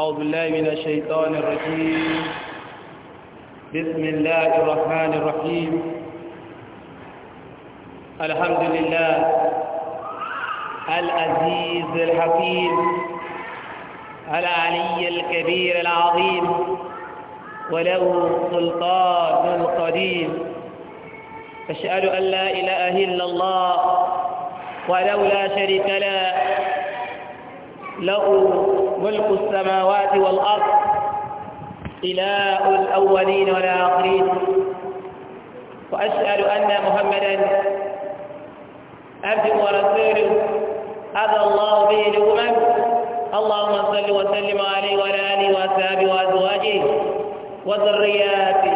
أعوذ بالله من الشيطان الرجيم بسم الله الرحمن الرحيم الحمد لله العزيز الحكيم العلي الكبير العظيم وله سلطان القديم أشهد أن لا إله إلا الله ولولا لا شريك له ملك السماوات والأرض إله الأولين والآخرين وأسأل أن محمدا عبد ورسوله هذا الله به لأمم اللهم صل وسلم عليه وعلى آله وأصحابه وأزواجه وذرياته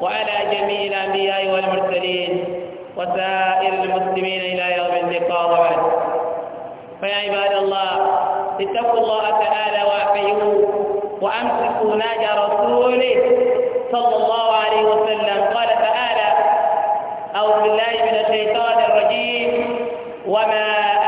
وعلى جميع الأنبياء والمرسلين وسائر المسلمين إلى يوم اللقاء وبعد فيا عباد الله اتقوا الله تعالى وأطيعوه وأمسكوا ناجى رسوله صلى الله عليه وسلم قال تعالى أعوذ بالله من الشيطان الرجيم وما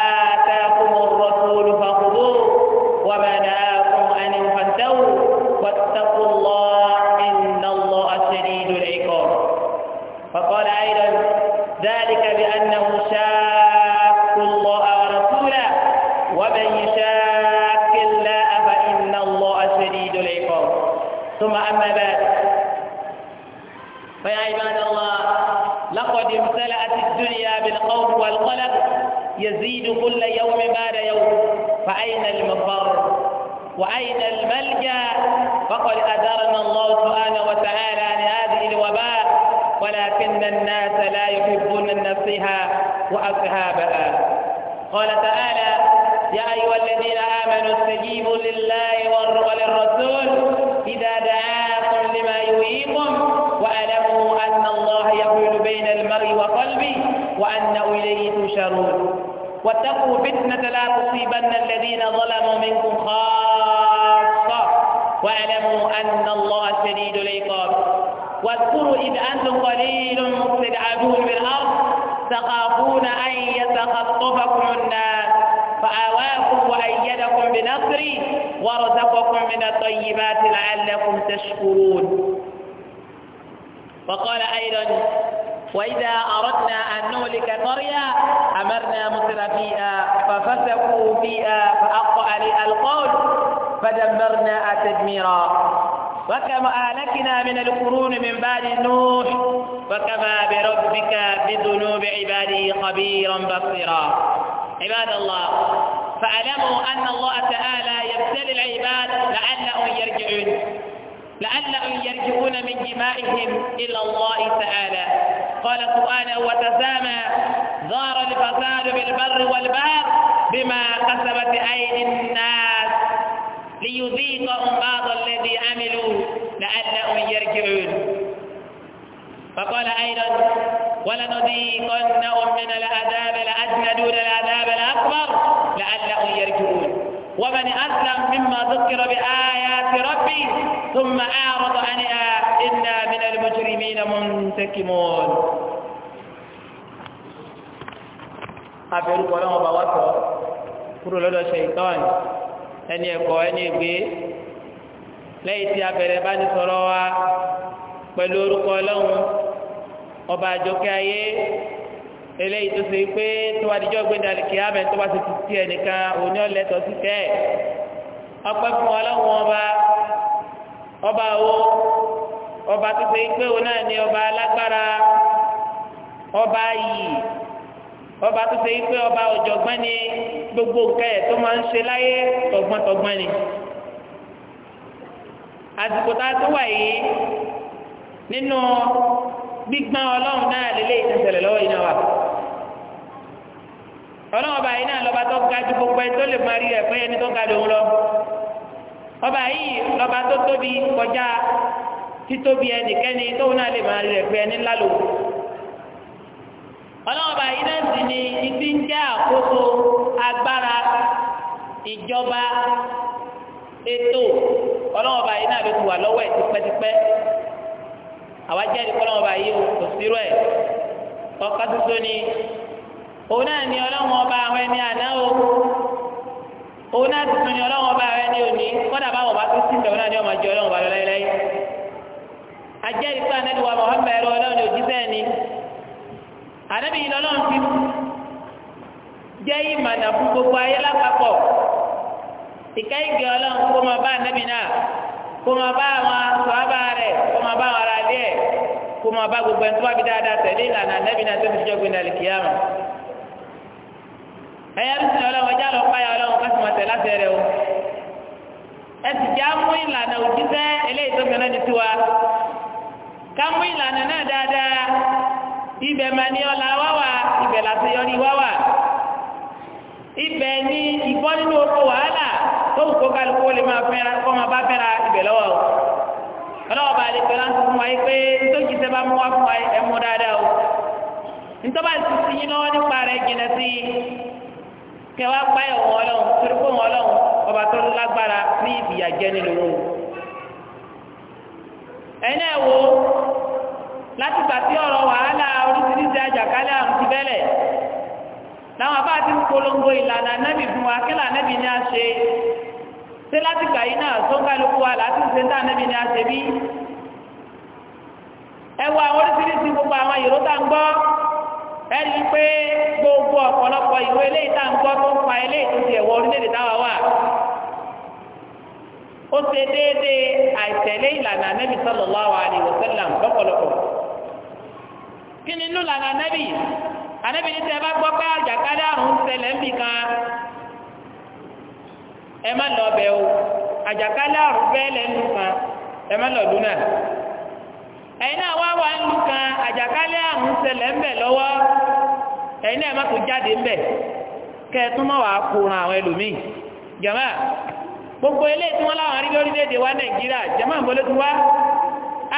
رزقكم من الطيبات لعلكم تشكرون وقال أيضا وإذا أردنا أن نهلك قرية أمرنا مصر فيها ففسقوا فيها فأقع عليها القول فدمرنا تدميرا وكما أهلكنا من القرون من بعد النوح وكما بربك بذنوب عباده خبيرا بصيرا عباد الله فاعلموا أن الله تعالى ويبتلي العباد لعلهم يرجعون لعلهم يرجعون من جمائهم إلى الله تعالى قال سبحانه وتسامى ظهر الفساد بالبر والبار بما قسمت أيدي الناس ليذيقهم بعض الذي عملوا لعلهم يرجعون فقال أيضا ولنذيقنهم من العذاب الأدنى دون العذاب الأكبر لعلهم يرجعون ومن أسلم مما ذكر بآيات ربي ثم أعرض عنها إنا من المجرمين منتكمون abẹ́rù kọ́lọ́ wọn bá wá sọ kúrò lọ́dọ̀ ṣèitán ẹni ẹ̀kọ́ ẹni ègbé lẹ́yìn tí abẹ́rẹ́ bá ní sọ̀rọ̀ wa pẹ̀lú orúkọ ọlọ́run ọba àjọkẹ́ ayé eléyìí tó ṣe pé tó wá dijọ́ gbé dàlí kí abẹ tó bá ṣe ti tiẹ̀ nìkan òní ọ̀lẹ́tọ̀ sí tẹ́ ọpẹ́ fún ọlọ́run ọba ọba wo ọba tó ṣe pé òun náà ni ọba alágbára ọba yìí ọba tó ṣe pé ọba ọ̀jọ̀gbọ́n ni gbogbo nǹkan ẹ̀ tó máa ń ṣe láyé tọ̀gbọ́ntọ̀gbọ́n ni àsìkò tá a tó wà yìí nínú gbígbọ́n ọlọ́run náà lélẹ́yìn tẹ̀sẹ̀lẹ̀ lọ́wọ́ yìí náà wà ọlọ́wọ́ bá yìí náà lọ́ba tó ga ju gbogbo ẹ̀ tó lè máa rí rẹ̀ fún ẹni tó ga lòun lọ ọba yìí lọ́ba tó tóbi kọjá títóbi ẹnikẹ́ni tóun náà lè máa rí rẹ̀ fún ẹni ńlá lò ọlọ́wọ́ bá yìí náà sì ni ibi ń jẹ́ àkóso agbára ìjọba ètò ọlọ́wọ́ bá yìí náà ló ti wà lọ́wọ́ ẹ̀ tipẹ́tipẹ́ àwa jẹ́rìí kọ́lọ́wọ́ yìí o kò sí rẹ̀ ọ̀ká òun náà ni ọlọ́run ọba àwọn ẹni àná o òun náà tuntun ọlọ́run ọba àwọn ẹni òní kọ́dà bá ni ọmọ jẹ ọlọ́run ọba lọ láyéláyé ajẹ́rìí na anábì wa Muhammad ọlọ́run òjíṣẹ́ ni anábì yìí lọ́lọ́run ti jẹ́ ìmọ̀nà fún gbogbo ayé lápapọ̀ ìkẹ́ ìgbẹ́ ọlọ́run kó bá náà kó bá àwọn ẹ̀yà tó ti ọlọ́run ẹjá lọ páyà ọlọ́run ká sì máa tẹ̀ láti ẹrẹ o ẹ já mú ìlànà òjíṣẹ́ eléyìí tó fẹ́ lẹ́ni tiwa ká mú ìlànà náà dáadáa ibẹ̀ máa ní ọlá wáwà ibẹ̀ láti yọrí wáwà ibẹ̀ ní ìbọn nínú oko wàhálà tó wù kó kálukú ó lè máa fẹ́ra kó máa bá fẹ́ra ibẹ̀ lọ́wọ́ o ọlọ́wọ́ bá lè pẹ̀lú àti fún wa yìí pé nítorí tẹ bá mú wá fún wa ẹ dáadáa o nítorí bá ti ti yín lọ́wọ́ nípa rẹ̀ jìnà sí i. kẹwàá páyọ̀ wọn ọlọ́run torí pé wọn ọlọ́run ọba tó lágbára ní ìbìyàjẹ́ nínú wọn. ẹ̀yin wo láti gbàtí ọ̀rọ̀ wàhálà oríṣiríṣi àjàkálẹ̀ àrùn ti bẹ́lẹ̀ ti ń polongo ìlànà anábì fún wa ní a ṣé láti gbà yín náà a ọ̀pọ̀lọpọ̀ ìwé eléyìí tá à ń gbọ́ tó ń pa eléyìí tó ti ẹ̀wọ̀ orílẹ̀-èdè táwa wà ó ṣe déédéé àìtẹ̀lé ìlànà nẹ́bí sallallahu alaihi wasallam lọ́pọ̀lọpọ̀ kí ni inú ìlànà nẹ́bí anẹ́bí ní tẹ́ bá gbọ́ pé àjàkálẹ̀ àrùn ń ṣẹlẹ̀ ń bì kan ẹ má lọ bẹ̀ o àjàkálẹ̀ àrùn bẹ́ẹ̀ lẹ́nu kan ẹ má lọ dún náà ẹ̀yin náà wá wà ń lu kan àjàkálẹ̀ àrùn ń ṣẹlẹ̀ ń bẹ̀ lọ́wọ́ ẹ̀yin náà jáde ń bẹ̀ kẹ́ ẹ tún mi. gbogbo ilé tí wọ́n láwọn rí lórílẹ̀‐èdè wa nàìjíríà jàmá ìmọ̀lẹ́ wá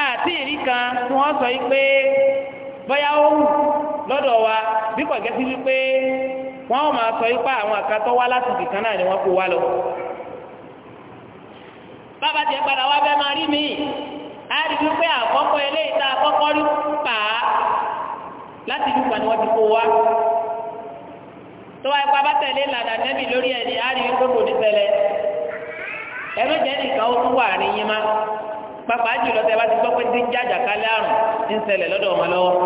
àti ìrí kan tí sọ pé bóyá ó wù wa bí kò gẹ́sí wípé wọ́n sọ ipá àwọn àkàtọ́ wá láti náà ni wọ́n lọ. bàbá padà wá máa rí mi rí àkọ́kọ́ a láti ìlú ni wọ́n ti kó wá tó wáyé pa bá tẹ̀lé ìlànà nẹ́bì lórí ẹ̀dì àárín ní ẹ̀rọ jẹ́ nìkan ó tún wà ní yín má jùlọ ti gbọ́ pé ti ń jájà kálẹ̀ àrùn ń ṣẹlẹ̀ lọ́dọ̀ wọn lọ́wọ́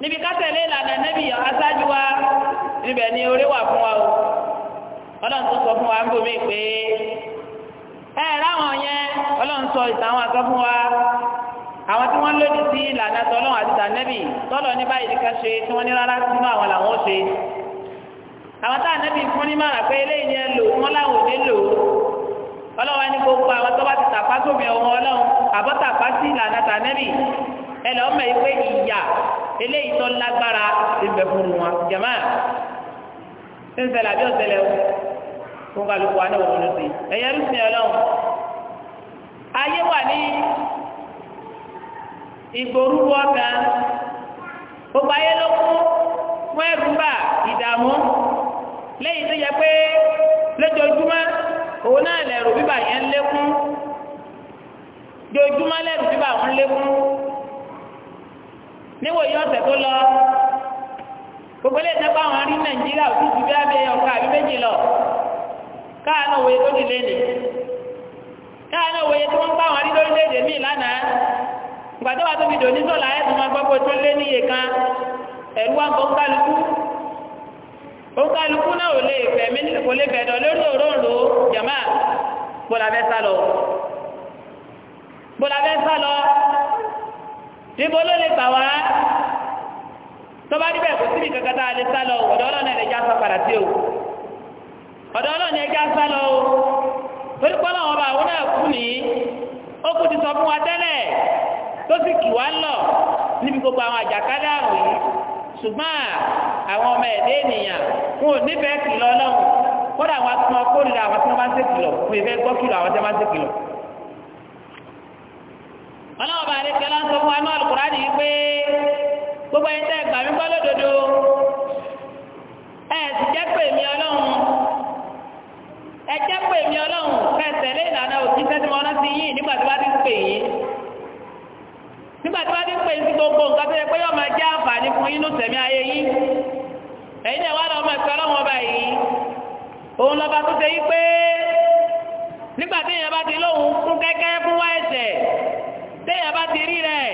níbi ká tẹ̀lé wa fún wa o ọlọ́run tó sọ fún wa ń pé ẹ̀ ráwọn yẹn ọlọ́run sọ ìtàn sọ fún wa àwọn tí wọ́n lòdì sí ìlànà tọ́lọ́ àti tànẹ́bì tọ́lọ̀ ní báyìí ní ká ṣe tí wọ́n ní rárá sínú àwọn làwọn ó ṣe àwọn tànẹ́bì fún ní mara pé eléyìí ni ẹ lò wọ́n láwọn ò ní lò ọlọ́wọ́ ní gbogbo àwọn tó bá ti tàpá sómi ọmọ ọlọ́run àbọ̀ tàpá sí ìlànà tànẹ́bì ẹ lọ́ mọ̀ pé ìyà eléyìí tó lágbára ti bẹ̀ fún wọn jàmá ṣẹlẹ̀ àbí ọ̀sẹ̀lẹ̀ fún kálukú wa náà wọ́n lọ sí ẹ̀yẹ́rú sí ọlọ́run ayé wà ní ìgbòru wọ́ gan gbogbo ayé ló kú fún ẹ̀rù bà ìdààmú lẹ́yìn tó yẹ pé lójoojúmọ́ òun náà lẹ̀rù bíbà yẹn ń lékún jojúmọ́ lẹ́rù bíbà ń lékún níwòye ọ̀sẹ̀ tó lọ gbogbo ilé ìtẹ́pá àwọn arí nàìjíríà òtún ti bí abẹ́ ọkọ̀ àbí méjì lọ káàánú òye tó dìlé nì káàánú òye tó ń bá àwọn arí lórílẹ̀-èdè míì gbàdọ́ wa tó fi dò ní sọ̀lá ẹ̀ tó lé kan ẹ̀rú wa kó kálukú ó kálukú náà ò lè kò lè jàmá sálọ sálọ níbo ló lè wá tọ́ba níbẹ̀ kò síbi kankan tá a lè sálọ ẹ̀ já sọ padà sí o ọ̀dọ̀ ọlọ́run ẹ̀ já sálọ o torí bá àwọn náà kú nìyí ó kú ti sọ fún wa tó sì kì wá lọ níbi gbogbo àwọn àjàkálẹ̀ àrùn yìí ṣùgbọ́n àwọn ọmọ ẹ̀dẹ́ ènìyàn wọn ò nífẹ̀ẹ́ kìlọ̀ ọlọ́run kódà àwọn atúmọ̀ kórìíra àwọn tí wọ́n bá ń ṣèkìlọ̀ fún ìfẹ́ gbọ́ kìlọ̀ àwọn tí wọ́n bá ń ṣèkìlọ̀. ọlọ́run bá rí kẹlá ń sọ fún anú àlùkùránì yìí pé gbogbo ẹni tẹ́ gbà mí gbọ́ lódodo ẹ sì jẹ́ pé mi ọlọ́run ẹ jẹ́ pé mi ọlọ́run fẹsẹ̀ lé ìlànà òtítẹ́ nígbà tí wọ́n ti pè ní gbogbo nǹkan tó yẹ pé yóò máa jẹ́ àǹfààní fún inú sẹ̀mí ayé yìí ẹ̀yin náà wà lọ́mọ ẹ̀kọ́ ọlọ́wọ́n ọba yìí òun lọ́ba tó ṣe yí pé nígbà tí èèyàn bá ti lóhùn fún kẹ́kẹ́ fún wá ẹ̀ṣẹ̀ tí èèyàn bá ti rí rẹ̀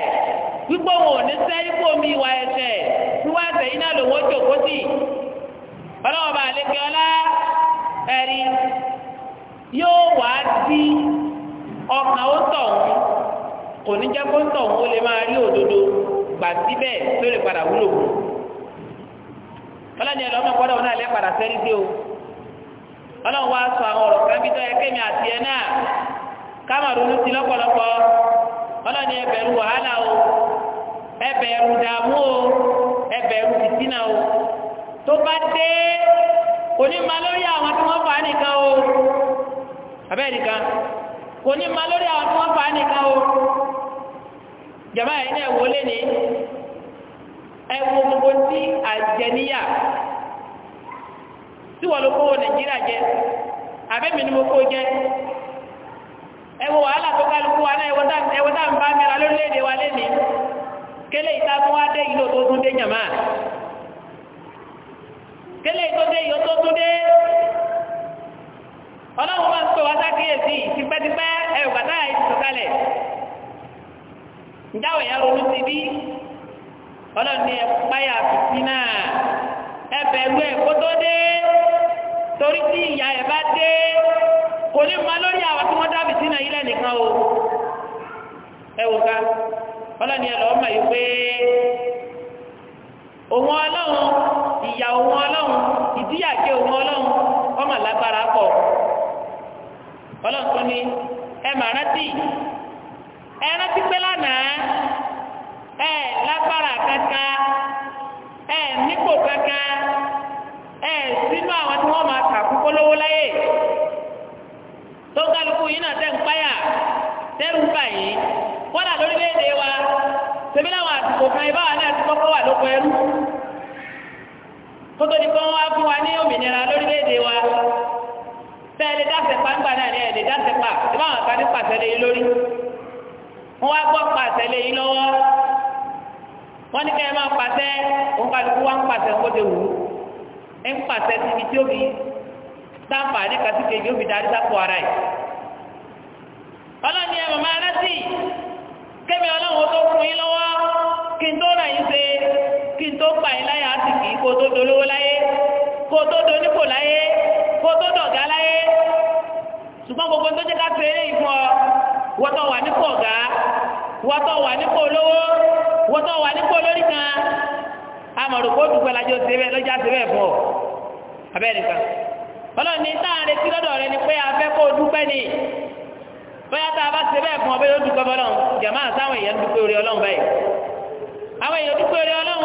wípé òun ò ní sẹ́ ipò mi ìwà ẹ̀ṣẹ̀ wíwá ẹ̀ṣẹ̀ yìí náà lòun ó jòkó sí ọlọ́wọ́n bá lékè ọlá ẹ̀rí yóò wá sí kò ní jẹ́ kóńtọ̀ ó lè máa rí òdodo gbà síbẹ̀ tó lè padà wúlò fún ọlọ́ni ẹ̀lọ́ ọmọ gbọ́dọ̀ náà lẹ́ padà sẹ́rí sí o ọlọ́run wá sọ àwọn ọ̀rọ̀ kan bí tọ́ ẹ kémi àti ẹ náà kámàrún ló ti lọ́pọ̀lọpọ̀ ọlọ́ni ẹ bẹ̀rù wàhálà o ẹ bẹ̀rù dààmú o ẹ bẹ̀rù fìtínà o tó bá dé kò ní ma lórí àwọn tí wọ́n fà á nìkan o àbẹ́ẹ̀ nìkan kò ní ma lórí àwọn tí wọ́n fà á nìkan o jàmbá yìí náà wọlé ní ẹwọ gbogbo tí àjẹníyà tí wọ́n ló kówó nàìjíríà jẹ àbẹ́mi ni mo kó jẹ ẹwọ wàhálà tó kálukú wa náà ẹwọ tá n bá mẹ́ra lórílẹ̀-èdè wa lẹ́ni kélé ìta tún wá dé ìlú tó dé jàmbá kélé tó dé ìlú tó dé ọlọ́run máa ń pè wá sákìyèsí tipẹ́tipẹ́ ẹ̀rù bàtà ìtùtù ìjáwọ̀ ya ronú ti bí ọlọ́ni ẹ̀páyà fìtí náà ẹbẹ̀rù ẹ̀ kó tó dé kò ní ma lórí àwọn tí wọ́n dá fìtí náà ilẹ̀ nìkan o ẹwò ká ọlọ́ni ẹ̀ ọmọ lágbára pọ̀ ọlọ́run tó ní ẹ màá ẹ rántí pé lánàá ẹ lágbára kankan ẹ nípò kankan ẹ sínú àwọn tí wọ́n máa kàkú kólówó láyè tó kálukú yìí náà tẹ̀ ń páyà tẹ́rù báyìí kọ́dà lórílẹ̀‐èdè wa tèmi láwọn àsìkò kan ìbáwa náà ti kọ́kọ́ wà lóko ẹrú kótó ni kán wá fún wa ní òmìnira lórílẹ̀ wa tẹ́ ẹ lè dáṣẹ́ pa ńgbà náà ni ẹ lè dáṣẹ́ pa ìbáwọn kan ní pàṣẹ lé lórí wọ́n wá gbọ́ pàṣẹ lé yín lọ́wọ́ wọ́n ní kẹ́ ẹ máa pàṣẹ òun kálukú wá ń pàṣẹ kó de wù ú ẹ ń pàṣẹ síbi tí ó fi sáǹpà ní kàtíkè yóò fi darí sápò ara yìí ọlọ́ni ẹ̀ màmá aláṣì kẹ́mi ọlọ́run tó fún yín lọ́wọ́ kí n tó rà yín ṣe kí n tó pa yín láyà á sì kì í kó tó dolówó láyé kó tó donípò láyé kó tó dọ̀gá láyé ṣùgbọ́n gbogbo tó jẹ́ ká fèrè ìfún ọ wọ́tọ̀ wà nípò ọ̀gá wọ́tọ̀ wà nípò olówó wọ́tọ̀ wà nípò olórí kan amọ̀rùkú dùpẹ́ lajọ síbẹ̀ lọ́jà síbẹ̀ fún ọ abẹ́ nìkan ọlọ́ni táà retí lọ́dọ̀ rẹ ni pé afẹ́ kó dúpẹ́ ni bóyá tá a bá síbẹ̀ fún ọ bẹ́ẹ̀ ló dúpẹ́ bọ́lọ̀ jàmá àtàwọn èèyàn dúpẹ́ orí ọlọ́run báyìí àwọn èèyàn dúpẹ́ orí ọlọ́run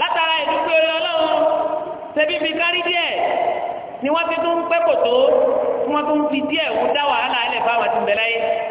látara ìdúpẹ́ orí ọlọ́run ṣebí fi kárí díẹ̀ ni wọ́n ti tún pẹ́ kòtó wọ́n tún fi díẹ̀ ń dá wàhálà ẹlẹ́fà wọn ti bẹ̀rẹ̀ yìí.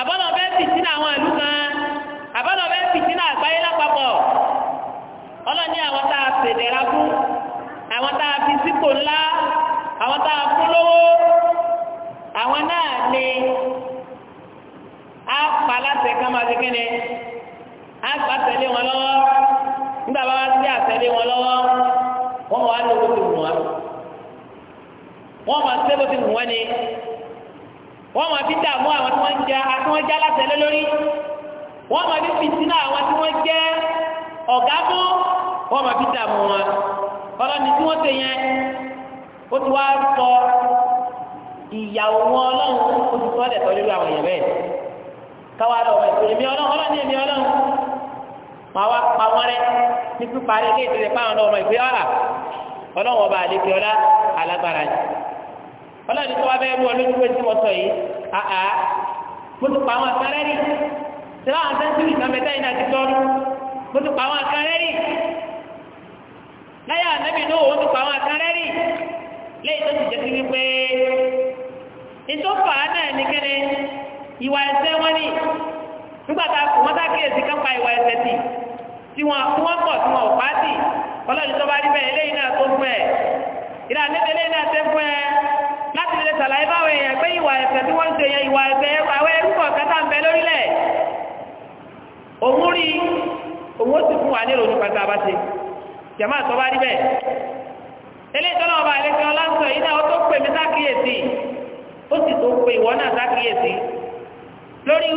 àbọ̀lọ̀ bẹ́ẹ̀ fìtínà àwọn ìlú kan àbọ̀lọ̀ bẹ́ẹ̀ fìtínà àgbáyé wọn tí wọ́n pọ̀ tí wọn ò bá dì ọlọ́run tó bá rí bẹ́ẹ̀ náà tó fún ẹ̀ ìlà náà fún ẹ láti lè sàlàyé báwọn èèyàn pé ìwà ẹ̀ṣẹ̀ tí wọ́n ń ìwà àwọn ń bẹ lórílẹ̀ òun rí òun ó sì fún wa ní ìròyìn pàtàkì àbáṣe jẹ̀má tó bá rí bẹ́ẹ̀ eléyìí pe ìwọ náà sákìyèsí lórí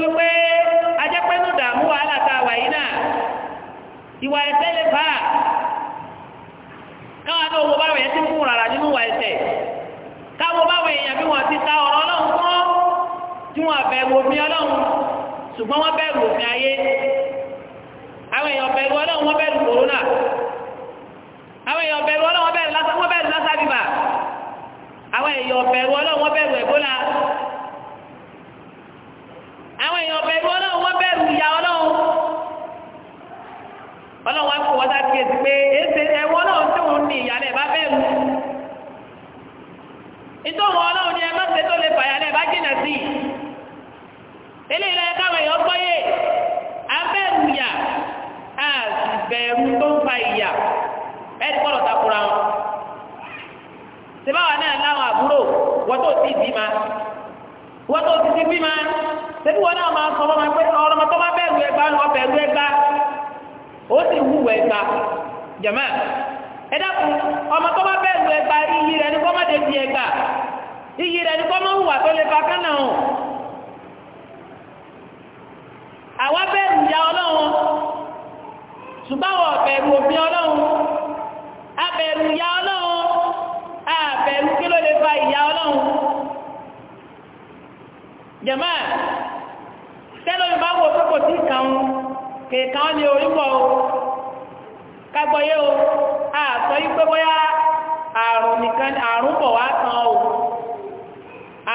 ìwà ẹ̀ṣẹ̀ lè fà á káwọn náà wo báwọn yẹn ti kú rárá nínú ìwà ẹ̀ṣẹ̀ káwọn báwọn èèyàn bí wọ́n ti ta ọ̀rọ̀ ọlọ́run kọ́ tí wọ́n bẹ̀rù òfin ọlọ́run ṣùgbọ́n wọ́n bẹ̀rù òfin ayé àwọn èèyàn bẹ̀rù ọlọ́run wọ́n bẹ̀rù kòrónà àwọn èèyàn bẹ̀rù ọlọ́run wọ́n bẹ̀rù lásàbíbà àwọn èèyàn bẹ̀rù ọlọ́run wọ́n bẹ̀rù ọlọ́wọ́ akọ wọ́n sáà kíyèsí pé èsè ẹ̀wọ́n náà tó ń ní ìyàlẹ̀ bá bẹ́ẹ̀ lu ìtòwọ́n ọlọ́run ni ẹ má ṣe tó lè fàyàlẹ̀ bá jìnà sí i eléyìí lọ́yẹ káwọn èèyàn gbọ́yé abẹ́rù yà á bẹ̀rù tó ń fa ìyà ẹ̀ ti kọ́lọ̀ takura wọn sèbáwa náà láwọn àbúrò wọ́n tó ti bí ma wọ́n tó ti ti bí ma sẹ́bí wọn náà máa sọ ọmọ pé ọmọ tó ó sì wúwẹ̀ ẹ̀gbà jẹ̀mọ́ ẹ dákun ọmọ tó bá bẹ́ẹ̀ lu ẹ̀gbà iyì rẹ̀ ní kọ́mọ́dé di ẹ̀gbà iyì rẹ̀ ní kọ́mọ́ hùwà tó lè fa kánà hàn àwa bẹ́ẹ̀ lu ìyá ọlọ́run ṣùgbọ́n àwọn ọ̀bẹ̀rù òfin ọlọ́run abẹ̀rù ìyá ọlọ́run abẹ̀rù kí ló lè fa ìyá ọlọ́run jẹ̀mọ́ tẹ́lómi kìkan ní orímọ̀ o kágbọ́yé o àtọ́ ipé bóyá àrùn nìkan àrùn bọ̀ wá kan o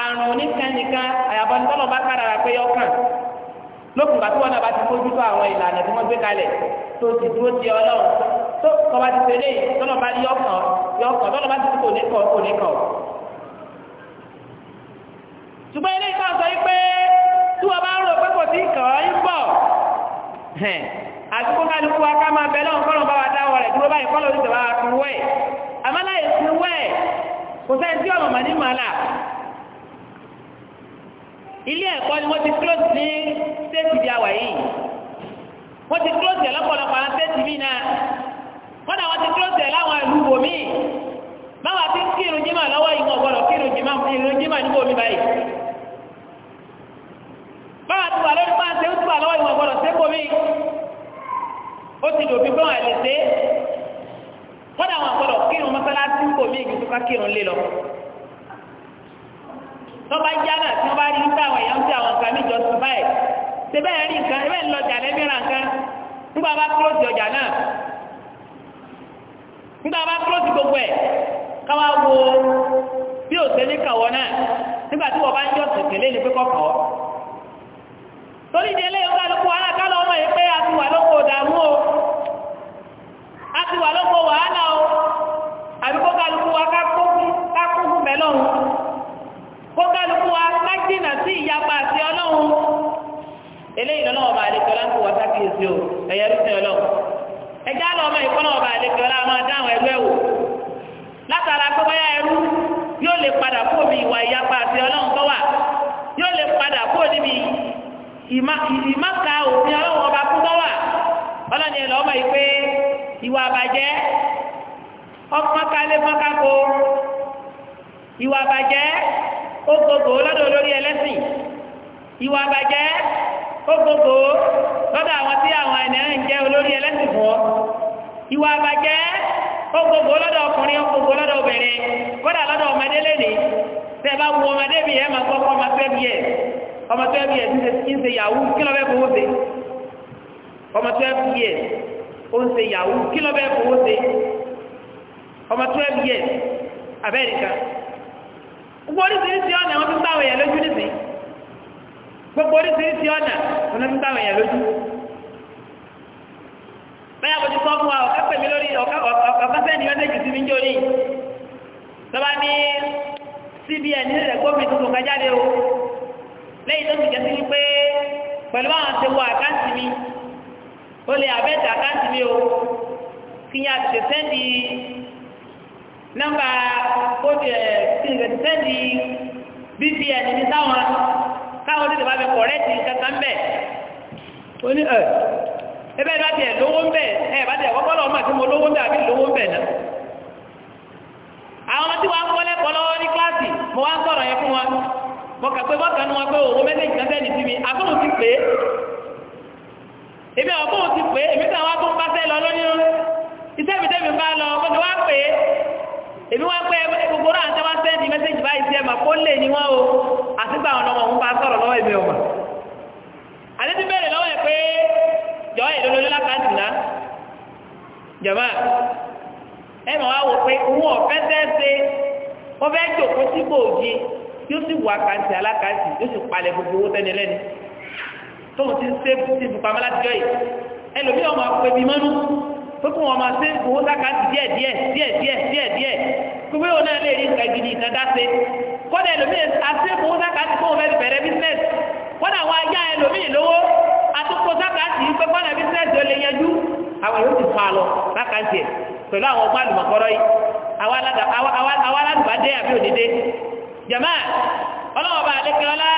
àrùn nìkan nìkan àyàbọ̀ ní tọ́lọ̀ bá kárara pé yọkàn lókùn bàtí wọn náà bá ti fojú tó àwọn ìlànà tí wọn gbé kalẹ̀ tó ti dúró ti Ọlọ́run tó kọba ti fẹlẹ tọ́lọ̀ bá yọkàn yọkàn tọ́lọ̀ bá ti kò ní kàn kò ní kàn. ṣùgbọ́n ilé ìtàn sọ pé tí wọ́n bá ń rò pé kò sí kàn án yín bọ̀ àtúkò kálukú wa ká máa bẹ̀rẹ̀ ọ̀kọ́lọ̀ bá wa dáwọ̀ rẹ̀ dúró báyìí kọ́lọ̀ oríṣi bá wa fi wẹ̀ àmọ́ láyé fi wẹ̀ kò sẹ́ni tí ọ̀mọ̀mọ̀ ní màálà ilé ẹ̀kọ́ ni wọ́n ti close ní stéètì bí àwà yìí wọ́n ti close ẹ̀ lọ́pọ̀lọpọ̀ àwọn stéètì míì náà wọ́n náà wọ́n ti close ẹ̀ láwọn ìlú bòmí báwa ti ń kírun jímà lọ́wọ́ ìwọ̀n gbọ́dọ̀ kírun jímà níbo mi báyìí bá a tùbà lórí máa ń ṣe ó tùbà lọ́wọ́ ìwọ̀n gbọ́dọ̀ ṣe kò mí ó ti dòbí fún àìlè ṣe kọ́dà wọn gbọ́dọ̀ kírun mọ́sálásí kò mí ìgbésùn ká kírun lé lọ tọ́ba já náà tí wọ́n bá rí nípa àwọn èèyàn tí àwọn nǹkan níjọ sùn báyìí ṣe bẹ́ẹ̀ rí nǹkan ẹ bẹ́ẹ̀ lọ jà lẹ́bí ra nǹkan nígbà bá kúròsì ọjà náà nígbà bá kúròsì gbogbo ẹ̀ káwá wo bí òṣèlú kàwọ́ náà nígbà tí wọ́n bá ń jọ torí ìdílé yóò kálukú wàhálà kálọ̀ ọmọ yìí pé a ti wà lóko dààmú a ti wà lóko wàhálà o àbí kó wa ká kúkú mẹ́lọ́hún wa ká sí ìyapa àti àlejò ọlá ń kó wọ́n sá ìmáka òfin ọlọ́wọ́ ọba kú bọ́wà ọlọ́ni ẹ̀lọ́ ọmọ yìí pé ìwà àbàjẹ́ ọkọ̀ọ́kálé mọ́kákó ìwà àbàjẹ́ ogogo lọ́dọ̀ olórí ẹlẹ́sìn ìwà àbàjẹ́ ogogo lọ́dọ̀ àwọn tí àwọn ènìyàn ń jẹ́ olórí ẹlẹ́sìn fún ọ ìwà àbàjẹ́ ogogo lọ́dọ̀ ọkùnrin ogogo lọ́dọ̀ obìnrin kódà lọ́dọ̀ ọmọdé lẹ́nìí tẹ́ bá wu ọmọdé bíi ẹ̀ máa kọ́kọ́ máa fẹ́ bíi ẹ̀ ọmọ twelve years ń ṣe yahoo kí lọ́ọ́ bẹ́ẹ̀ fowó ṣe ọmọ twelve years ó ń ṣe yahoo kí lọ́ọ́ bẹ́ẹ̀ fowó ṣe ọmọ twelve years abẹ́ẹ̀ríkà gbogbo oríṣiríṣi ọ̀nà wọn fi ń bá àwọn èèyàn lójú nísìnyí gbogbo oríṣiríṣi ọ̀nà wọn fi ń bá àwọn èèyàn lójú bẹ́ẹ̀ mo ti sọ fún wa ọ̀ká pèmí lórí ọ̀ká sẹ́ni mẹ́tẹ́jì sí mi ń jórí tọ́ba ní cbn ní ẹ̀kọ́ mi tuntun kájáde o lẹ́yìn tó ti jẹ́ sí wípé pẹ̀lú àwọn ti o àkáǹtì mi ó lè o kí n yà ti sẹ́ndì nọ́mbà kóòtù ti sẹ́ndì bpn ní táwọn káwọn tètè bá fẹ́ kọ̀rẹ́tì kankan bẹ̀ ó ní ebe bá tiẹ̀ lówó ń bẹ̀ ẹ̀ bá tiẹ̀ kọ́kọ́ lọ́wọ́ mo lówó ń bẹ̀ àbí lówó ń bẹ̀ náà àwọn tí mọ̀kà pé bọ́ọ̀kà ni wọ́n pé owó mẹ́lẹ̀ ìgbẹ́sẹ̀ ní tìmí àbóhùn ti pè é èmi àwọn bóhùn ti pè é èmi táwọn abóhùn bá sẹ́ lọ lóyún iṣẹ́ mi tẹ́mi bá lọ bó ti wá pè é èmi wá pé gbogbo náà ṣe wá sẹ́ẹ̀dì mẹ́sẹ̀jì báyìí sí ẹ̀ mà kó lè ní wọ́n o àtìgbà àwọn ọmọ òun bá sọ̀rọ̀ lọ́wọ́ èmi ọ̀mà àdébí bẹ̀rẹ̀ lọ́wọ́ ẹ̀ pé jọ èdè lórí lákàtì náà jọ̀mọ́ ẹ̀ mà wá yóò sì wà kàǹtì alákàǹtì yóò sì palẹ̀ gbogbo owó tẹ́ni lẹ́ni tóun ti ṣe ti fipá mọ́ láti jọ yìí ẹlòmíràn máa pè bí mọ́nú pé kí wọ́n máa ṣe owó sákàǹtì díẹ̀ díẹ̀ díẹ̀ díẹ̀ díẹ̀ díẹ̀ kí wọ́n náà lè rí nǹkan gidi nǹkan dáṣe kọ́dà ẹlòmíràn àti owó sákàǹtì kóun fẹ́ bẹ̀rẹ̀ bísínẹ́sì kọ́dà wọn ayá ẹlòmíràn lówó àtúkọ sákàǹtì yìí pé kọ́dà bísínẹ́sì ó lè yanjú àwọn yóò ti fa lọ sákàǹtì ẹ̀ pẹ̀lú àwọn ọgbọ́n àlùmọ̀kọ́rọ́ yìí àwọn aládùbádé àbí òdìdé jama ọlọ́wọ́ bá àdékè ọlá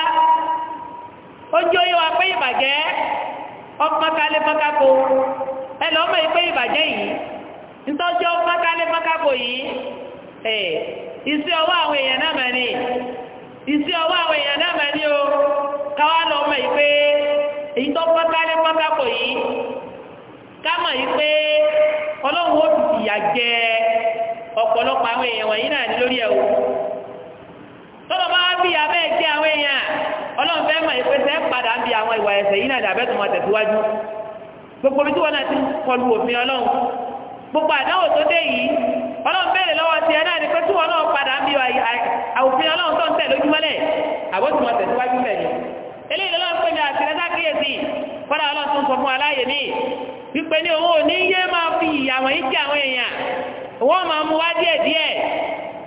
ojú oyé wa pé ìbàjẹ́ ọpọkálé pọkákó ẹ lọ́ ìbàjẹ́ yìí yìí ẹ ọwọ́ àwọn èèyàn náà mẹ́ni o káwá lọ́ mọ̀ pé èyí tó pọkálé yìí ká mọ̀ yìí pé ìyà jẹ ọ̀pọ̀lọpọ̀ àwọn èèyàn wọ̀nyí náà tọ́lọ̀ bá bí abẹ́ ẹ̀jẹ̀ àwọn èèyàn ọlọ́run fẹ́ mọ̀ ìpèsè padà ń bi àwọn ìwà ẹ̀ṣẹ̀ yìí náà dàbẹ́ tó máa tẹ̀síwájú gbogbo bí tí náà ti kọlu òfin ọlọ́run gbogbo àdáwò tó dé yìí ọlọ́run bi ọlọ́run tó ń tẹ̀ lójúmọ́lẹ̀ àbọ̀ tó máa tẹ̀síwájú eléyìí ọlọ́run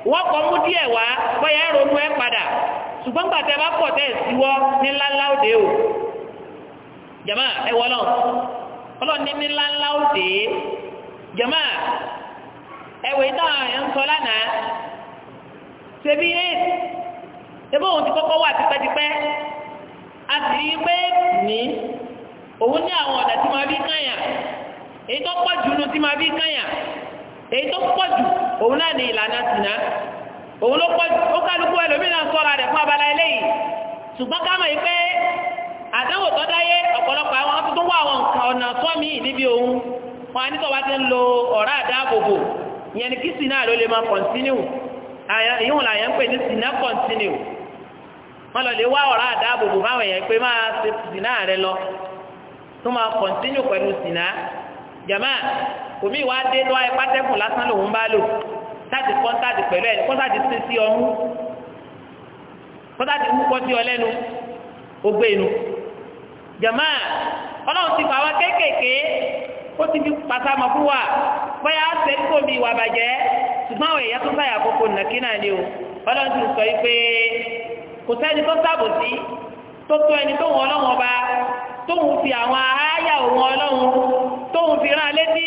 wọ́n kọ́ mú díẹ̀ wá bóyá ronú ẹ padà ṣùgbọ́n gbàtẹ́ bá pọ̀ tẹ́ ìsíwọ́ ní ńláńlá òde o jama ẹ wọ́n náà ọlọ́run ní ńláńlá òde jama ẹ̀wẹ̀ náà ń sọ lánàá ṣebí eight ṣebí òun ti kọ́kọ́ wà tipẹ́tipẹ́ a sì rí pé ní òun ní àwọn ọ̀dà tí máa bí kányà èyí tó pọ̀ jù tí máa bí kányà èyí tó pọ̀ jù òun náà ní ìlànà sìnà òun ló pọ̀ jù ó kálukú ẹlòmíràn sọ́ra rẹ̀ fún abala eléyìí ṣùgbọ́n ká mọ̀ yìí pé àdánwò tó dáyé ọ̀pọ̀lọpọ̀ àwọn tuntun wà àwọn nǹkan ọ̀nà sọ́mi níbi òun wọn ní tọ́wá ti ń lo ọ̀rá àdáàbòbò ìyẹn ni kí sìnà ló lè máa kọ̀ntínú ìyún làyẹ̀ ń pè ní sìnà kọ̀ntínú wọn lọ lè wá ọ̀rá àdáàbòbò báwọn èèyàn pé máa ṣe sìnà rẹ lọ tó máa kọ̀ntínú pẹ̀lú sìnà jàmáà omi ìwà dé lọ ẹpátẹ́kùn lásán lòun bá lò láti kọ́ńtàdì pẹ̀lú ẹ̀ kọ́ńtàdì sí sí ọmú kọ́ńtàdì mú kọ́ sí ọ lẹ́nu ogbé inú jama ọlọ́run ti fà wá kéékèèké ó ti fi pàtàmọ̀ fún wa bóyá ṣe kó mi ìwà bàjẹ́ ṣùgbọ́n àwọn èèyàn tó sáyà àkókò nàkí náà ni o ọlọ́run ti sọ yìí pé kò sẹ́ni tó ṣàbòsí tó tó ẹni tó wọn ọlọ́run ọba tóun fi àwọn aáyà òun ọlọ́run tóun fi rán létí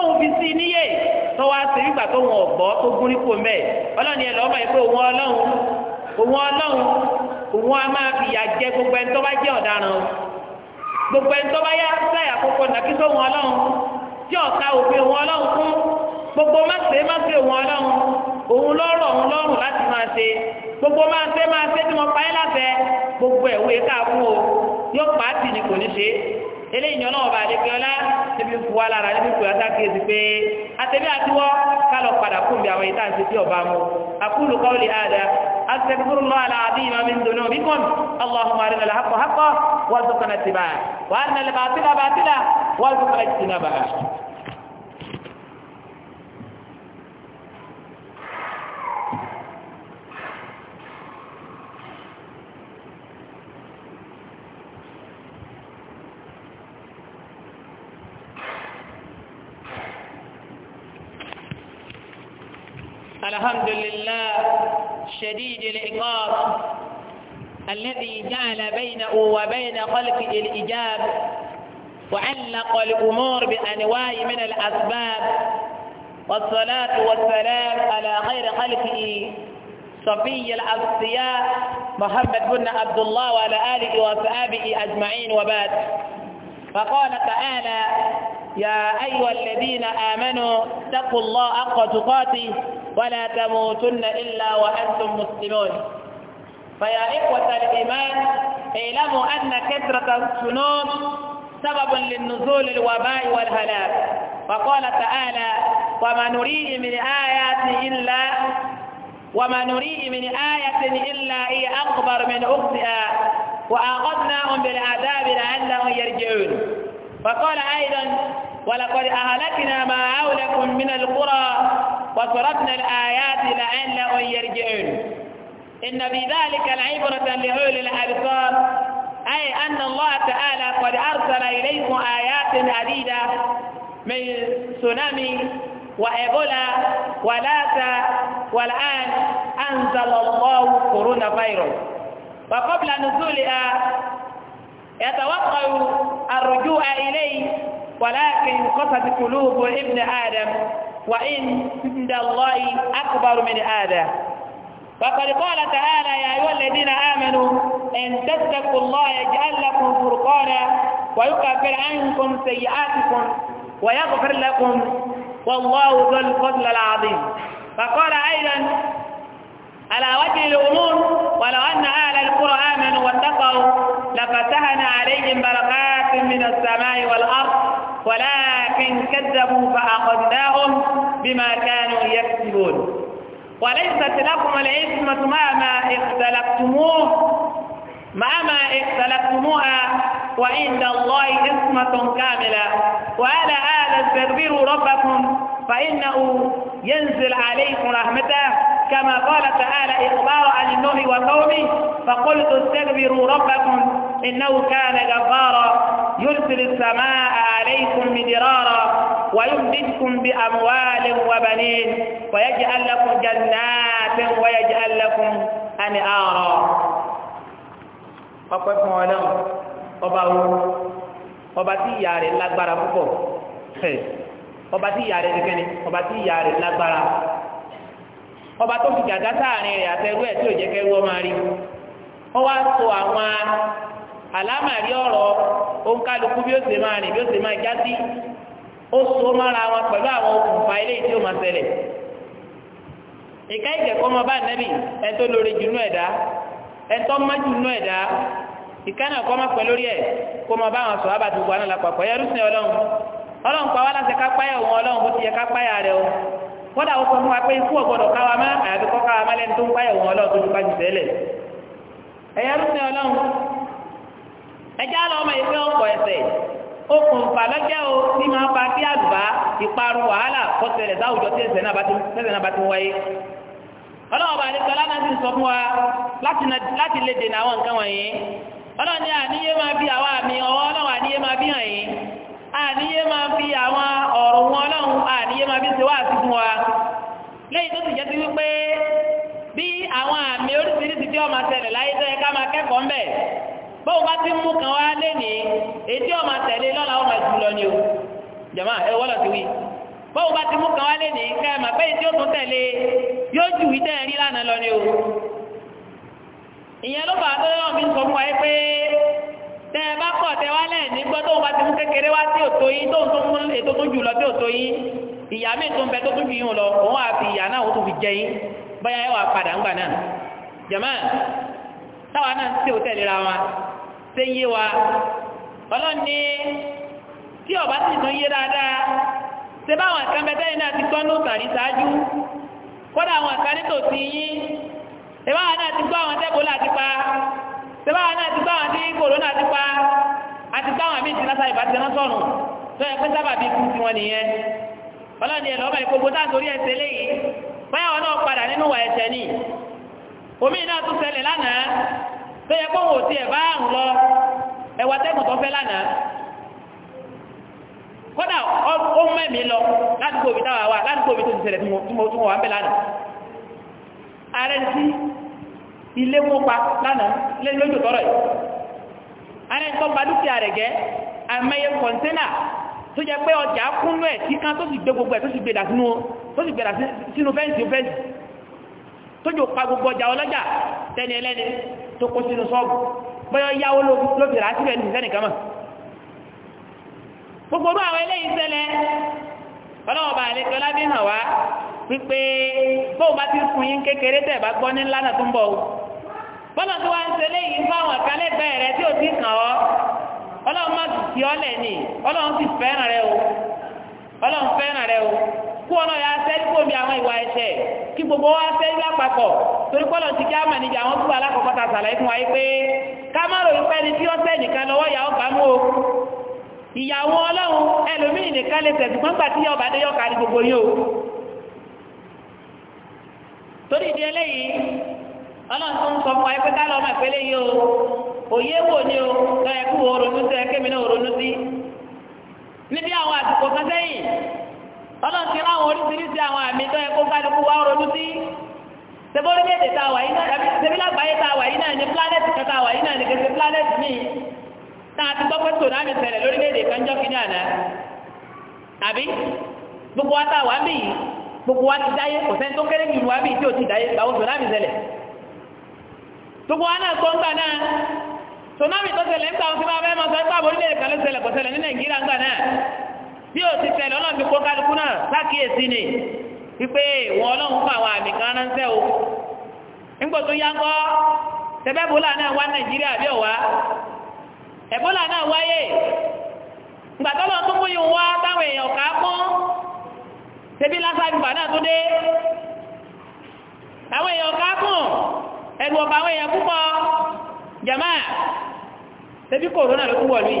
tóun fi sí níyè tó wá sí nígbà tó wọn ọ̀gbọ́ tó gún nípò mẹ́ ọlọ́ni ẹ̀ lọ́mọ ìpé òun ọlọ́run òun ọlọ́run òun a máa fi ìyà jẹ gbogbo ẹni tó bá jẹ́ ọ̀daràn gbogbo ẹni tó bá yá sáyà kókó nàkí tó wọn ọlọ́run tí ọ̀ka òfin òun ọlọ́run fún gbogbo máṣe máṣe òun ọlọ́run òun lọ́rọ̀ òun lọ́rùn láti máa ṣe gbogbo máa ṣe máa ṣe tí wọ́n pa ẹ́ láfẹ́ gbogbo ẹ̀wé káàkùn o yóò pàtì ni kò ní ṣe eléyìí ni ọlọ́wọ́ bá débi ọlá níbi fún wa lára níbi fún yàtá kí esi pé àtẹ̀bí àtiwọ́ kálọ̀ padà kún bí àwọn ìta àti tí ọba mu aqulu qawli hada astaghfirullah al-azim min dhunubikum allahumma arina al-haqqa haqqan warzuqna ittiba'ahu wa arina al-batila batila warzuqna ijtinaba الحمد لله شديد العقاب الذي جعل بينه وبين خلقه الإجاب وعلق الأمور بأنواع من الأسباب والصلاة والسلام على خير خلقه صفي الأصفياء محمد بن عبد الله وعلى آله وصحابه أجمعين وبعد فقال تعالى يا أيها الذين آمنوا اتقوا الله حق تقاته ولا تموتن إلا وأنتم مسلمون فيا إخوة الإيمان اعلموا أن كثرة الذنوب سبب للنزول الوباء والهلاك فقال تعالى وما نريه من آيات إلا وما نريه من آية إلا هي أكبر من أختها وأخذناهم بالعذاب لعلهم يرجعون فقال أيضا ولقد أهلكنا ما حولكم من القرى وصرفنا الآيات لهم يرجعون إن في ذلك العبرة لأولي الأبصار أي أن الله تعالى قد أرسل إليكم آيات عديدة من تسونامي وإبولا ولاتا والآن أنزل الله كورونا فيروس وقبل نزولها يتوقع الرجوع إليه ولكن قصد قلوب ابن آدم وإن عند الله أكبر من هذا فقد قال تعالى يا أيها الذين آمنوا إن تتقوا الله يجعل لكم فرقانا ويكفر عنكم سيئاتكم ويغفر لكم والله ذو الفضل العظيم فقال أيضا على وجه الأمور ولو أن أهل القرى آمنوا واتقوا لفتحنا عليهم بركات من السماء والأرض ولكن كذبوا فأخذناهم بما كانوا يكسبون وليست لكم العصمة مهما اختلفتموه مهما اختلفتموها وعند الله عصمة كاملة وعلى هذا استدبروا ربكم فإنه ينزل عليكم رحمته كما قال تعالى إخبار عن النهي وقومه فقلت استدبروا ربكم إنه كان جبارا يرسل السماء عليكم مدرارا ويمددكم بأموال وبنين ويجعل لكم جنات ويجعل لكم أنهارا ọpẹ́ fún ọ náà ọba wo ọba tí ìyá rẹ̀ lágbára púpọ̀ ọba tí ìyá rẹ̀ nìkan ni ọba tí ìyá rẹ̀ lágbára ọba tó fi gàgá sáàrin rẹ̀ àtẹrú ẹ̀ tí ò jẹ́ ọmọ rí wọ́n wá so àwọn àlámà rí ọ̀rọ̀ òǹkálukú bí ó ṣe máa rìn bí ó ṣe máa já sí ó so mára wọn pẹ̀lú àwọn okùnfà ilé tí ó máa sẹlẹ̀ ìka ìkẹ̀kọ́ ọmọ bá nẹ́bì ẹ̀tọ́ lórí jù ẹ̀dá ẹ̀tọ́ má jù ẹ̀dá ìka náà kọ́ má pẹ̀ lórí ẹ̀ kó má bá wọn sọ lápapọ̀ ọlọ́run ọlọ́run pa wá láti kápáyà òun ọlọ́run bó ti yẹ kápáyà rẹ o ẹjẹ́ àlọ́ ọmọ ìwé ọkọ̀ ẹ̀sẹ̀ okùnfà lọ́jẹ́ o tí máa fa kí àgbà ìparun wàhálà sáwùjọ tí ẹ̀sẹ̀ náà bá ti wáyé ọlọ́ọ̀bà àdékọ́lá náà ti sọ fún wa láti lè dènà àwọn nǹkan wọ̀nyí ọlọ́ọ̀ni àníyé máa fi àwọn àmì ọwọ́ wa lẹ́yìn tó sì jẹ́ wípé bí àwọn àmì oríṣiríṣi tí ọmọ láyé ká máa kẹ́kọ̀ọ́ báwo bá ti mú kan wá lé ní ètí ọmọ tẹ̀lé lọ́la ọmọ ìsú lọ ni o jama ẹ ti wí báwo bá mú kan wá ní ní kẹ́ẹ̀mà pé ètí ó tún tẹ̀lé yóò jù wí tẹ́ rí lánàá lọ ni o ìyẹn ló bàá tó lọ́wọ́ mi sọ fún wa pé tẹ́ ẹ bá kọ̀ tẹ́ wá lẹ̀ ní gbọ́ tó bá ti mú kékeré wá sí òtó yín tó lọ sí òtó yín ìyá mi tó ń bẹ tó tún yín lọ òun ìyá náà ó ṣe ń yé wa ọlọ́ni tí ọba sì tún yé dáadáa ṣe báwọn kan bẹ́tẹ́ yìí ti gbọ́ ní ṣáájú kódà àwọn kan nítòsí yín ṣe báwọn náà ti gbọ́ àwọn tẹ́kọ̀ọ́ láti pa ṣe báwọn náà ti gbọ́ àwọn tí kòrónà ti pa àti gbọ́ àwọn míì ti lásà ti sọ̀rùn tó yẹ tó yẹ kó wò sí ẹ̀ bá àrùn lọ ẹ̀wà tẹ́gùn tó fẹ́ lánàá kódà ó mẹ́mí lọ ládùúgbò mi táwa wà ládùúgbò mi tó ti ṣẹlẹ̀ tí mo tún wà ń bẹ̀ lánàá ààrẹ sí ilé wọn pa lánàá lé lójú tọrọ yìí ààrẹ nǹkan ba dúkìá rẹ̀ gẹ́ àmẹ́yẹ kọ̀ńténà tó jẹ́ pé ọjà kúnlú ẹ̀ kí kan tó sì gbé gbogbo ẹ̀ tó sì gbèdà sínú fẹ́ǹsì fẹ́ǹsì tó jò pa gbogbo ọjà ọlọ́jà tẹni ẹlẹ́ni tó kó sínú sọ́ọ̀bù bọ́yọ̀ yáwó ló fi síbẹ̀ nìsẹ́ gbogbo ọdún àwọn eléyìí ṣẹlẹ̀ ọlọ́wọ́ bá àlejò hàn wá wípé bóun bá ti fún yín kékeré tẹ̀ bá gbọ́ ní tó ń bọ̀ tó wá ń fáwọn tí ò ti kàn kó ọ̀nà yà sẹ́rí kó mi àwọn ìwà ẹ̀ṣẹ̀ kí gbogbo wa sẹ́rí lápapọ̀ torí pọ́lọ̀ ti kí á mà níjà àwọn fúwa alákọ̀ọ́kọ́ ta sàlàyé fún wa yìí pé ká má ròyìn pé ẹni tí ó sẹ́ nìkan lọ́wọ́ ìyá ọba mú o ìyàwó ọlọ́run ẹlòmíì nìkan lè tẹ̀sí pọ́npà tí ọba dé yọ̀ọ̀ka ní gbogbo yìí torí ìdí eléyìí ọlọ́run tó ń sọ fún wa pé ká lọ́ọ́ mà pé eléyìí o òye wo ni o lọ́yẹ kí wo sí ẹ náà ronú sí níbi àwọn àsìkò kan sẹ́yìn tọ́lọ́ ti ráwọn oríṣiríṣi àwọn àmì tó yẹ kó kálukú wá ronú sí seborílẹ̀-èdè yìí náà sebilágbáyé tá a yìí náà ni planeti kan tá yìí náà ni kẹsẹ̀ planeti. míì tá a ti gbọ́ pé tònámì ṣẹlẹ̀ lórílẹ̀-èdè kan jọ́ kínní àná àbí gbogbo wa tá a wà ń bì yìí gbogbo wa ti dáyé kò sẹ́ni tó kéré jù wá bì tí ò ti dáyé àwọn tònámì náà náà bí o ti tẹ̀lé ọlọ́run fi kó kálukú náà sákìyèsí ni wípé ìwọ ọlọ́run fún àwọn àmì kan ránṣẹ́ o nígbà tó yá ńkọ́ tẹ́fẹ́ bólà náà wá nàìjíríà bí ọ̀wá ẹ̀bólà náà wáyé ìgbà tọ́lọ́ tó mú yìí wá táwọn èèyàn ká mọ́ tẹ́bí lásán ìgbà náà tó dé àwọn èèyàn ká mọ́ ẹ̀rù ọ̀bà àwọn èèyàn púpọ̀ jàmáà tẹ́bí kòrónà ló kú wọ̀lú yìí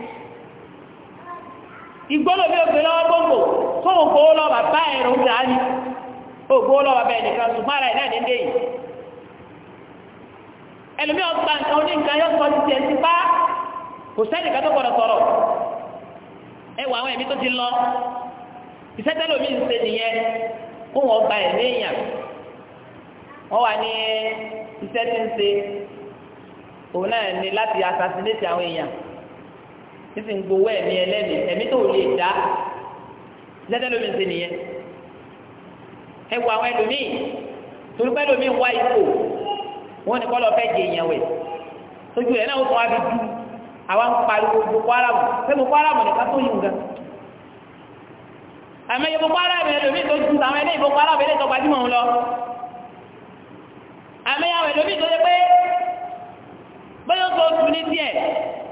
ìgbọ́dọ̀ bí obìnrin lọ́wọ́ gbòǹgbò fóun kó lọ bàbá ẹ̀rọ dání ògbó lọ bàbá ẹnìkan ṣùgbọ́n ara ẹ̀ náà dédé yìí ẹlòmíì ọgbà nǹkan oníǹkan yóò sọ títí ẹtí bá kò sẹ́nìkan tó gbọ́dọ̀ sọ̀rọ̀ ẹ wọ àwọn ẹ̀mí tó ti lọ ìṣẹ́tẹ́lómi ń ṣe nìyẹn kó wọ́n gba ẹ̀mí èèyàn wọ́n wà ní iṣẹ́ tí ń ṣe òun náà ní láti assassinate àwọn èèyàn títí ń gbowó ẹ̀mí ẹlẹ́mìí ẹ̀mí tó lè dá lẹ́tẹ̀ lómi ń ṣe nìyẹn ẹ wọ àwọn ẹlòmíì torí pé ẹlòmíì wá ipò wọn ni kọ́lọ́ fẹ́ jẹ ìyẹn wẹ̀ tójú ẹ̀ náà ó tún wá fi dú àwa ń pariwo boko haram pé boko haram nìkan tó yìí nǹkan àmọ́ iye boko haram ẹlòmíì tó ju àwọn ẹlẹ́yìn boko haram ẹlẹ́yìn tó gbajúmọ̀ ń lọ àmọ́ iye àwọn ẹlòmíì tó yẹ pé bóyá ó sọ oṣù ní tiẹ̀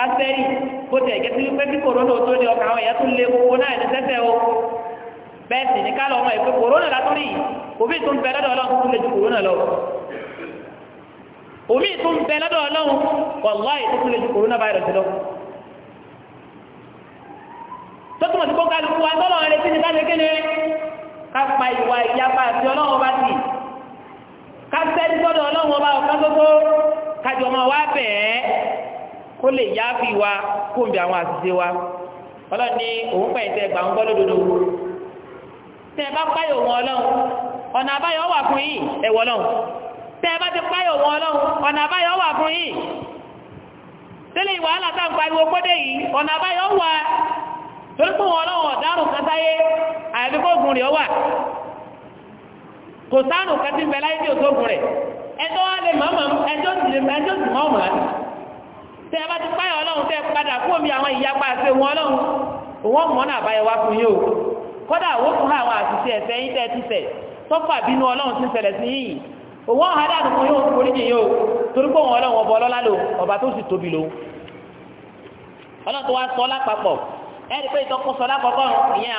kásẹ́rì bó ti ẹ̀jẹ̀ sí pé kí kòrónà tó ní ọkàn àwọn èèyàn tún lé gbogbo náà ní sẹ́sẹ̀ o bẹ́ẹ̀ sì ní kálọ̀ ọmọ ìpè kòrónà látún rí omi tún bẹ lọ́dọ̀ ọlọ́run tún lè ju kòrónà lọ omi tún bẹ lọ́dọ̀ ọlọ́run wàláì tún lè ju kòrónà báyìí lọ tó túmọ̀ sí kókàlù fún wa tọ́lọ̀ rẹ̀ sí ní káṣe kéde ká pa ìwà ìyapa àti ọlọ́run ọba sí ká sẹ́ni tọ́dọ̀ ọlọ́run ọba ọ̀ká kó lè yááfì wa kó n bí àwọn àṣìṣe wa ọlọ́run ní òun pẹ̀lú tẹ gbà ń gbọ́ lódodo tẹ bá páyọ̀ wọn ọlọ́run ọ̀nà àbáyọ wà fún yìí ẹ̀wọ̀ tẹ bá ti páyọ̀ wọn ọlọ́run ọ̀nà àbáyọ wà fún yìí tẹ́lẹ̀ ìwàhálà tá ń pariwo kódé yìí ọ̀nà àbáyọ wà torí pé wọn ọlọ́run ọ̀darùn kátáyé àyàfikógun rẹ̀ wà kò sáànù ẹjọ́ ẹjọ́ tẹ́ ẹ bá ti páyọ̀ ọlọ́run tẹ́ padà kó àwọn ìyapa àti wọn ọlọ́run òun mọ́ náà báyọ̀ wá fún o kódà ó fún àwọn àṣìṣe ẹ̀sẹ̀ yín tẹ́ ti tẹ̀ tọ́pà bínú ọlọ́run ti sí yìí òun ọ̀hán dànù fún yóò forí torí pé òun ọlọ́run ọba ọlọ́lá lò ọba tó sì tóbi lò ọlọ́run tó wá sọ lápapọ̀ pé ìtọ́kùn sọ lápapọ̀ ìyẹn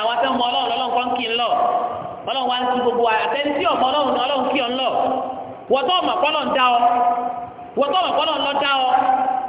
àwọn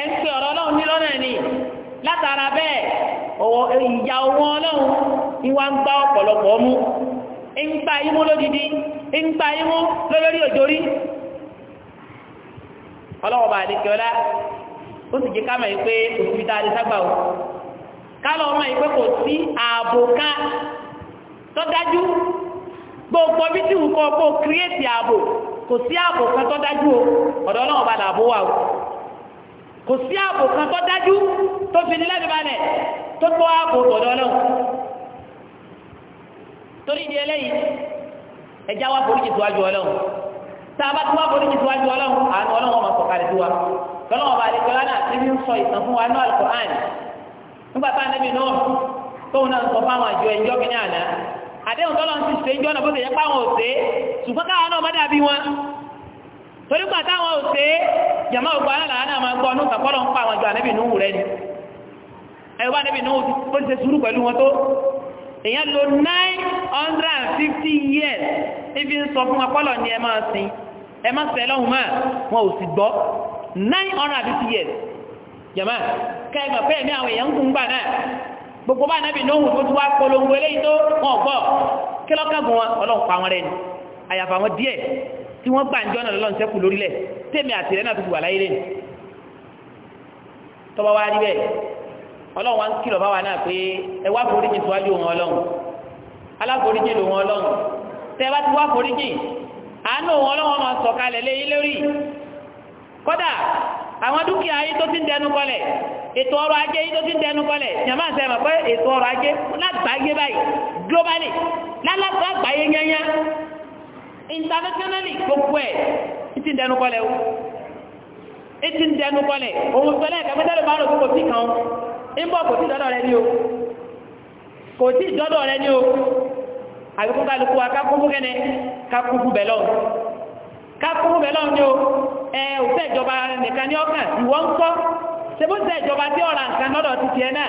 ẹ ọ̀rọ̀ ọlọ́run ní lọ́nà ni látara bẹ́ẹ̀ ìyá owó ọlọ́run ni ń gbá ọ̀pọ̀lọpọ̀ mú ń gba imú lódìdí ń gba imú lórí òjòrí bá ó sì jẹ́ kámẹ̀ o kálọ̀ ọmọ pé kò sí ààbò ká tó dájú gbogbo bí tí wù kọ́ kó ààbò kò sí ààbò tó ọ̀dọ́ bá kò sí ààbò kan tó dájú tó fi ní lẹ́nu balẹ̀ tó tó ààbò ọ̀dọ́ náà torí di eléyìí ẹja wa foríjì síwájú ọlọ́run tá a bá tún wá foríjì síwájú ọlọ́run àánú ọlọ́run ọmọ sọ̀kalẹ̀ sí wa tọ́lọ́ ọba àdékọ́lá náà ti ń sọ ìtàn fún wa ní Al-Qur'an nígbà tá a níbi náà tóun náà ń sọ fáwọn àjọ ẹ̀jọ́ mi àná àdéhùn tọ́lọ́ ti ṣe ń jọ́nà bó ti yẹ torí pàtà àwọn òṣè jama ògbà aláàánà máa gbọ́ ọdún tàkọ́lọ̀ ń pa àwọn ìjọ ànẹ́bì núhù rẹ̀ ni ẹwà ànẹ́bì núhù ó ti ṣe sùúrù pẹ̀lú wọn tó èyàn lo 950 years ibi ń sọ fún apọ́lọ̀ ni ẹ máa sin ẹ máa sẹ lọ́hùn máa wọn ò sì gbọ́ 950 years jama kẹgbà pé ẹ̀mí àwọn èèyàn ń kún gbà náà gbogbo bá ànẹ́bì núhù tó ti wá polongo eléyìí tó wọn gbọ́ kí lọ́kàgùn wọn ọlọ́run pa wọn rẹ̀ ni àyàfà wọn díẹ̀ tí wọ́n gbà ń jọ́nà lọ́n sẹ́kù lórílẹ̀ tèmi àti rẹ̀ náà tó fi wà láyé lẹ́nu tọ́ba wá rí bẹ́ẹ̀ ọlọ́run wá ń kìlọ̀ bá wa náà pé ẹ wá foríjì síwájú wọn ọlọ́run aláforíjì ló wọn ọlọ́run tẹ́ bá ti wá foríjì àánú wọn ọlọ́run máa sọ̀kalẹ̀ lé yín lórí kódà àwọn dúkìá yín tó ti ń dẹnu kọlẹ̀ ètò ọrọ̀ ajé yín tó ti ń dẹnu kọlẹ̀ jàmáà sẹ́ mọ̀ pé ètò ọrọ̀ ajé lágbàáyé báyìí globally lálágbàáyé yányá internationally gbogbo ẹ̀ ti ń dẹnu kọlẹ̀ o ti ń dẹnu kọlẹ̀ òun sọlẹ̀ kò sí kan ń bọ̀ kò sí dọ́dọ̀ rẹ ní o kò sí dọ́dọ̀ rẹ ní o àbíkú kálukú wa ẹ ò fẹ́ ìjọba nìkan ní ọkàn ìwọ ń kọ́ sebo sẹ ìjọba tí ọ̀ràn lọ́dọ̀ ti tiẹ̀ náà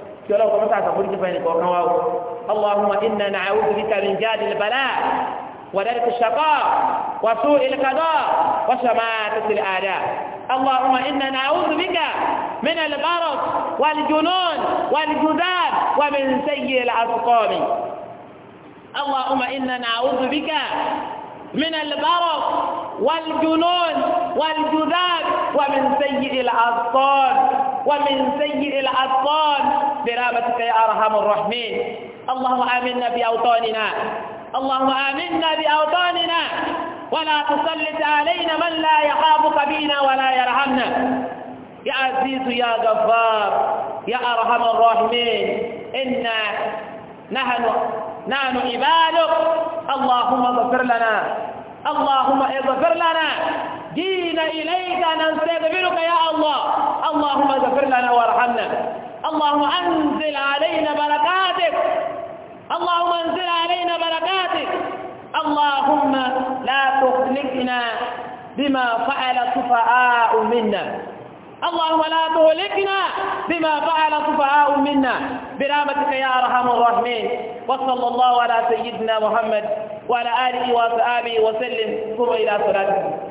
يعني اللهم إنا نعوذ بك من جاد البلاء ودرك الشقاء وسوء القضاء وشماتة الأعداء اللهم إنا نعوذ بك من الغرض والجنون والجذاب ومن سيء الأسقام اللهم إنا نعوذ بك من البرق والجنون والجذاب ومن سيء الأسطان ومن سيء الأبطال برحمتك يا أرحم الراحمين اللهم آمنا في أوطاننا اللهم آمنا بأوطاننا ولا تسلط علينا من لا يخافك بنا ولا يرحمنا يا عزيز يا غفار يا أرحم الراحمين إنا نحن نحن عبادك اللهم اغفر لنا اللهم اغفر لنا جينا إليك نستغفرك يا الله اللهم اغفر لنا وارحمنا اللهم أنزل علينا بركاتك اللهم أنزل علينا بركاتك اللهم لا تهلكنا بما فعل السفهاء منا اللهم لا تهلكنا بما فعل السفهاء منا برحمتك يا ارحم الراحمين وصلى الله على سيدنا محمد وعلى اله وصحبه وسلم قم الى صلاتك